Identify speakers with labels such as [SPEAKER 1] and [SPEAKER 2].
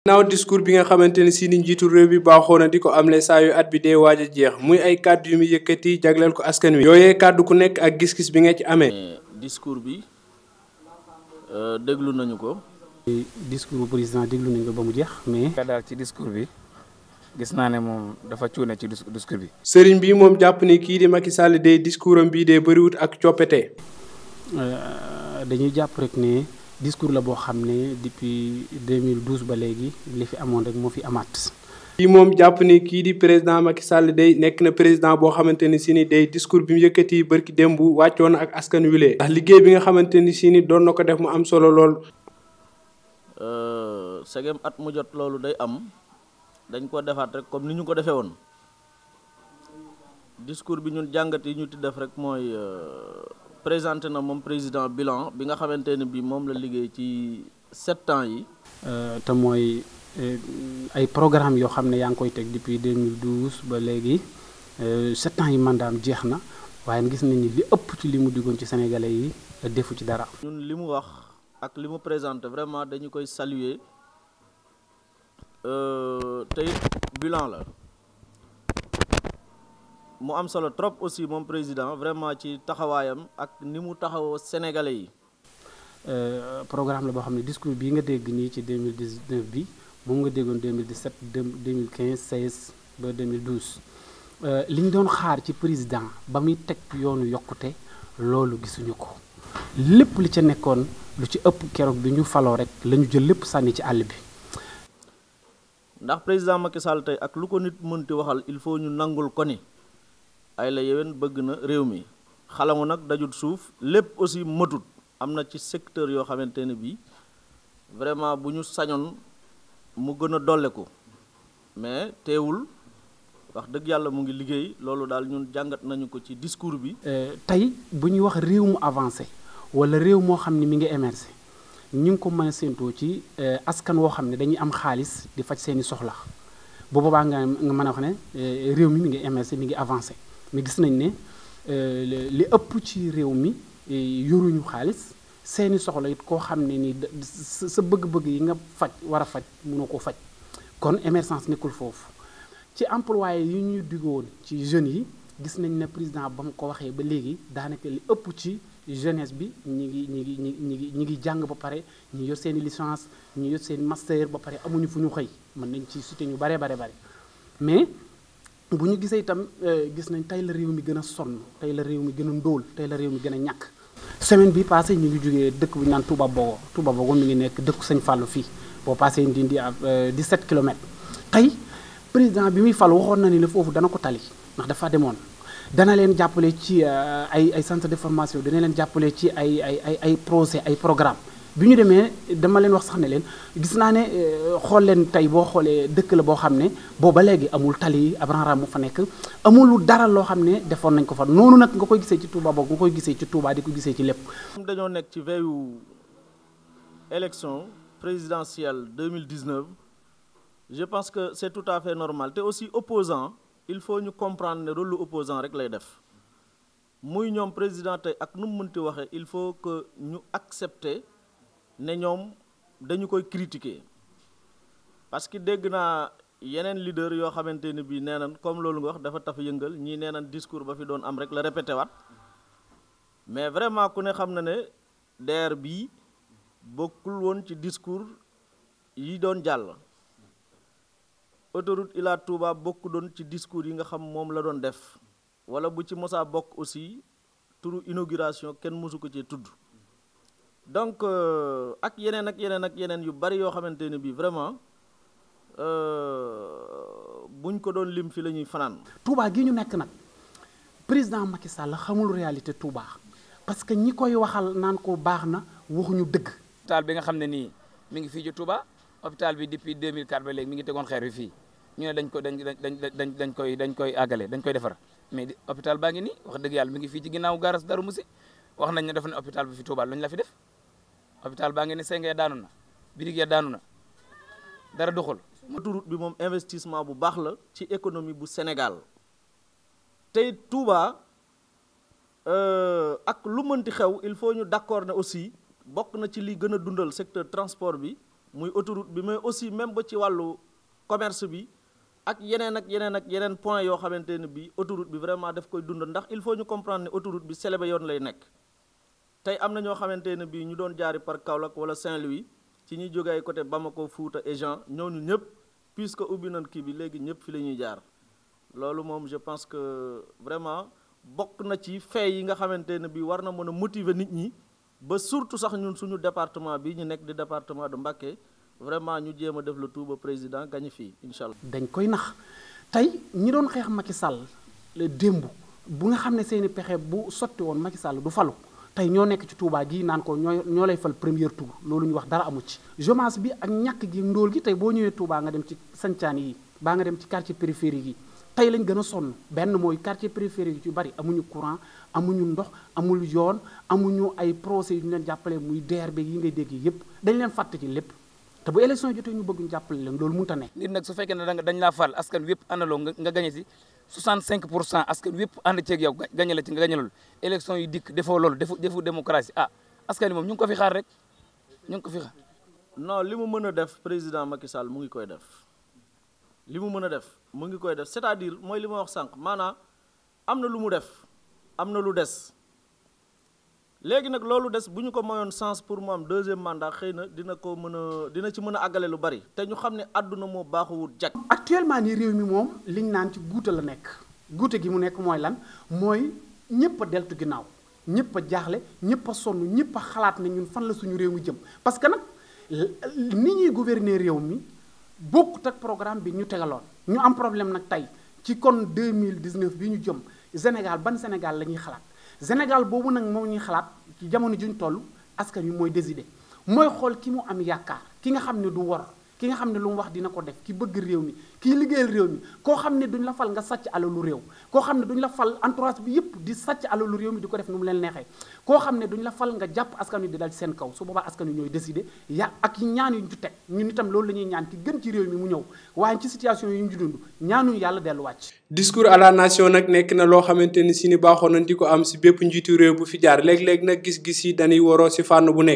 [SPEAKER 1] ginnaaw discours bi nga xamante ne si ni njiitu réew bi baaxoo na di ko am amle saa yu at bi dee waaja jeex muy ay kàddu yu muy yëkkati jagleel ko askan wi. yooyee kàddu ku nekk ak gis-gis bi nga ci amee.
[SPEAKER 2] Eh, discours bi euh, déglu nañu ko.
[SPEAKER 1] discours bu président déglu nañu ko ba mu jeex mais. daal ci discours bi gis naa ne moom dafa cuune ci discours bi. sëriñ bi moom jàpp ni kii di Macky Sall day discours am bii dee bëriwut ak coppite. Euh, dañuy jàpp rek ne. discours la boo xam ne depuis 2012 ba léegi li fi amoon rek moo fi amaat. kii moom jàpp ni kii di président Macky sàll day nekk na président boo xamante ni si ni day discours bi mu yëkkati bërki démb wàccoon ak askan wilee ndax liggéey bi nga xamante ni si ni doon na ko def mu am solo lool.
[SPEAKER 2] Euh, segem at mu jot loolu day am dañ ko defaat rek comme ni ñu ko defee woon discours bi ñun jàngat yi ñu ti def rek mooy. Euh, présenté na moom président bilan bi nga xamante ne bii moom la liggéey ci sept ans yi
[SPEAKER 1] euh, te mooy euh, ay programme yoo xam ne yaa ngi koy teg depuis 2012 ba léegi euh, set ans yi mandaam jeex na waaye gis nañ ni li ëpp ci li mu diggoon ci sénégalais yi defu ci dara
[SPEAKER 2] ñun li mu wax ak li mu présenté vraiment dañu koy saluer tey bilan la mu am solo trop aussi moom président vraiment ci taxawaayam ak ni mu taxawoo sénégalais yi.
[SPEAKER 1] Euh, programme la boo xam ne discours bii nga dégg nii ci 2019 bi moom nga déggoon 2017 2015 16 ba 2012 euh, li ñu doon xaar ci président ba muy teg yoonu yokkute loolu gisuñu ko lépp li ca nekkoon lu ci ëpp keroog bi ñu faloo rek la ñu jël lépp sànni ci àll bi.
[SPEAKER 2] ndax président Macky Sall tey ak lu ko nit mënti waxal il faut ñu nangul ko ni. ay bëgg na réew mi xalamu nag dajut suuf lépp aussi matut am na ci secteur yoo xamante ne bii vraiment bu ñu sañoon mu gën a ko mais teewul wax dëgg yàlla mu ngi liggéey loolu daal ñun jàngat nañu ko ci discours bi. Euh,
[SPEAKER 1] tey bu ñuy wax réew mu avancé wala réew moo xam ne mi ngi émergé ñu ngi ko mën a séentoo ci euh, askan woo xam ne dañuy am xaalis di faj seeni soxla bu boobaa nga nga mën a wax ne euh, réew mi mi ngi émergé mi ngi avancé. mais gis nañ ne euh, li ëpp ci réew mi euh, yoruñu xaalis seeni soxla it koo xam ne nii sa bëgg-bëgg yi nga faj war a faj mënoo ko faj kon émersance nekkul foofu ci employé yi ñu diggoon ci jeunes yi gis nañ ne président ba mu ko waxee ba léegi daanaka li ëpp ci jeunesse bi ñi ngi ñi ngi ñi ngi ñi ngi jàng ba pare ñu yor seen i licence ñu yor seen master ba pare amuñu fu ñu xëy mën nañ ci cité ñu bare bare bare bu ñu gisee itam euh, gis nañ tey la réew mi gën a sonn tey la réew mi gën a ndóol tey la réew mi gën a ñàkk semaine bi passé ñu ngi jógee dëkk bu naan Touba Bogo Touba Bogo mi ngi nekk dëkku sañ Fallou fii boo passé Ndindi à euh, 17 kilomètres tey président bi muy fal waxoon na ni la foofu dana ko tali ndax dafa demoon dana leen jàppale ci euh, ay ay centre de formation leen jàppale ci ay ay ay ay projet ay programme bi ñu demee dama leen wax sax ne leen gis naa ne euh, xool leen tey boo xoolee dëkk la boo xam ne booba léegi amul tali ab ranram mu fa nekk amulu dara loo xam ne defoon nañ ko fa noonu nag nga koy gisee ci Touba boog nga koy gisee ci Touba di ko gisee ci lépp.
[SPEAKER 2] dañoo nekk ci veyu élection présidentielle 2019 je pense que c'est tout à fait normal te aussi opposant il faut ñu comprendre ne rôle opposant rek lay def. muy ñoom président tey ak nu mu mënti waxee il faut que ñu accepter ne ñoom dañu koy critiquer parce que dégg naa yeneen leader yoo xamante ne bii nee nañ comme loolu nga wax dafa taf yëngal ñii nee nañ discours ba fi doon am rek la répété waat mais vraiment ku ne xam na ne DER bii bokkul woon ci discours yi doon jàll autoroute Ila Touba bokku doon ci discours yi nga xam moom la doon def wala bu ci mosaa bokk aussi turu inauguration kenn mosu ko cee tudd donc euh, ak yeneen ak yeneen ak yeneen yu bari yoo xamante ne bii vraiment euh, buñ ko doon lim fi la ñuy fanaan.
[SPEAKER 1] Touba gi ñu nekk nag président Macky Sall xamul réalité Touba parce que ñi koy waxal naan ko baax na ñu dëgg. hôpital bi nga xam ne nii mi ngi fii ci Touba hôpital bi depuis 2004 ba léegi mi ngi tegoon xeer bi fii ñu ne dañ dañ dañ koy dañ koy àggale dañ koy defar mais hôpital baa ngi nii wax dëgg yàlla mi ngi fii ci ginnaaw garas Darou Moussi wax nañ ne def na hôpital bi
[SPEAKER 2] la fi def. hôpital baa ngi ne Senghee daanu na Birigui daanu na dara doxul. autoroute bi moom investissement bu baax la ci économie bu Sénégal tey Touba euh, ak lu mënti xew il faut ñu d'accord ne aussi bokk na ci li gën a dundal secteur transport bi muy autoroute bi mais aussi même ba ci wàllu commerce bi ak yeneen ak yeneen ak yeneen point yoo xamante ne bi autoroute bi vraiment daf koy dundal ndax il faut ñu comprendre ne autoroute bi selebe yoon lay nekk. tey am na ñoo xamante ne bii ñu doon jaari par Kaolack wala Saint-Louis ci ñuy jóge ba ma ko Fouta et Jean ñooñu ñëpp puisque ubbi nañ kii bi léegi ñëpp fi la ñuy jaar loolu moom je pense que vraiment bokk na ci fee yi nga xamante ne bii war na mën a motiver nit ñi ba surtout sax ñun suñu département bi ñu nekk di département de Mbacké vraiment ñu jéem a def le tout ba président gañu fii incha allah. dañ
[SPEAKER 1] koy nax tey ñi doon xeex Macky Sall démb bu nga xam ne seeni pexe bu sotti woon Macky Sall du falu. tey ñoo nekk ci Touba gi naan ko ñoo ñoo lay fal premier tour loolu ñu wax dara amu ci chômage bi ak ñàkk gi ndóol gi tey boo ñëwee Touba nga dem ci sancaan yi baa nga dem ci quartier périphérique yi tey lañ gën a sonn benn mooy quartier périphérique yu bari amuñu courant amuñu ndox amul yoon amuñu ay procès yu ñu leen jàppale muy DRB yi ngay dégg yépp dañ leen fàtte ci lépp te bu élection jotee ñu bëgg ñu jàppale leen loolu mënut a nekk. nit nag su fekkee ne dañ laa fal askan wépp àndaloo nga nga gañe si cinq pour cent askan wépp ànd ceeg yow gañe la ci nga gañe loolu élection yi dikk defoo loolu defu defu démocratie ah askan wi moom ñu ko fi xaar rek ñu ngi ko fi xaar.
[SPEAKER 2] non li mu mën a def président Macky Sall mu ngi koy def li mu mën a def mu ngi koy def c'est-à-dire mooy li ma wax sànq maanaam am na lu mu def am na lu des. léegi nag loolu des bu ñu ko mayoon sens pour mu am deuxième mandat xëy na dina ko mën a dina ci mën a àggale lu bari te ñu xam ne àdduna moo baaxuwut jag actuellement nii réew mi moom liñ naan ci guuta la nekk guute gi mu nekk
[SPEAKER 1] mooy lan mooy ñëpp a deltu ginnaaw ñëpp a jaaxle ñëpp a sonn ñëpp a xalaat na ñun fan la suñu réew mi jëm parce que nag ni ñuy gouverner réew mi bokkut ak programme bi ñu tegaloon ñu am problème nag tey ci kon 2019 bi ñu jëm Sénégal ban Sénégal la ñuy xalaat Sénégal boobu nag moom ñuy xalaat ci jamono juñ toll askan wi mooy décider mooy xool ki mu am yaakaar ki nga xam ne du wor ki nga xam ne lu mu wax dina ko def ki bëgg réew mi kii liggéeyal réew mi koo xam ne duñ la fal nga sàcc alalu réew koo xam ne duñ la fal entourage bi yëpp di sàcc alalu réew di ko def nu mu leen neexee koo xam ne duñ la fal nga jàpp askan wi di dal ci seen kaw su boobaa askan wi ñooy décider ya ak ñaan yu ñu teg ñun itam loolu la ñuy ñaan ki gën ci réew mi mu ñëw waaye ci situation yi ñu dund ñaanuñu yàlla dellu wàcc discours à nation nag nekk na loo xamante ni si ni baaxoon na di ko am si bépp njiitu réew bu fi jaar léeg-léeg nag gis-gis yi dañuy waroo si fànn bu nekk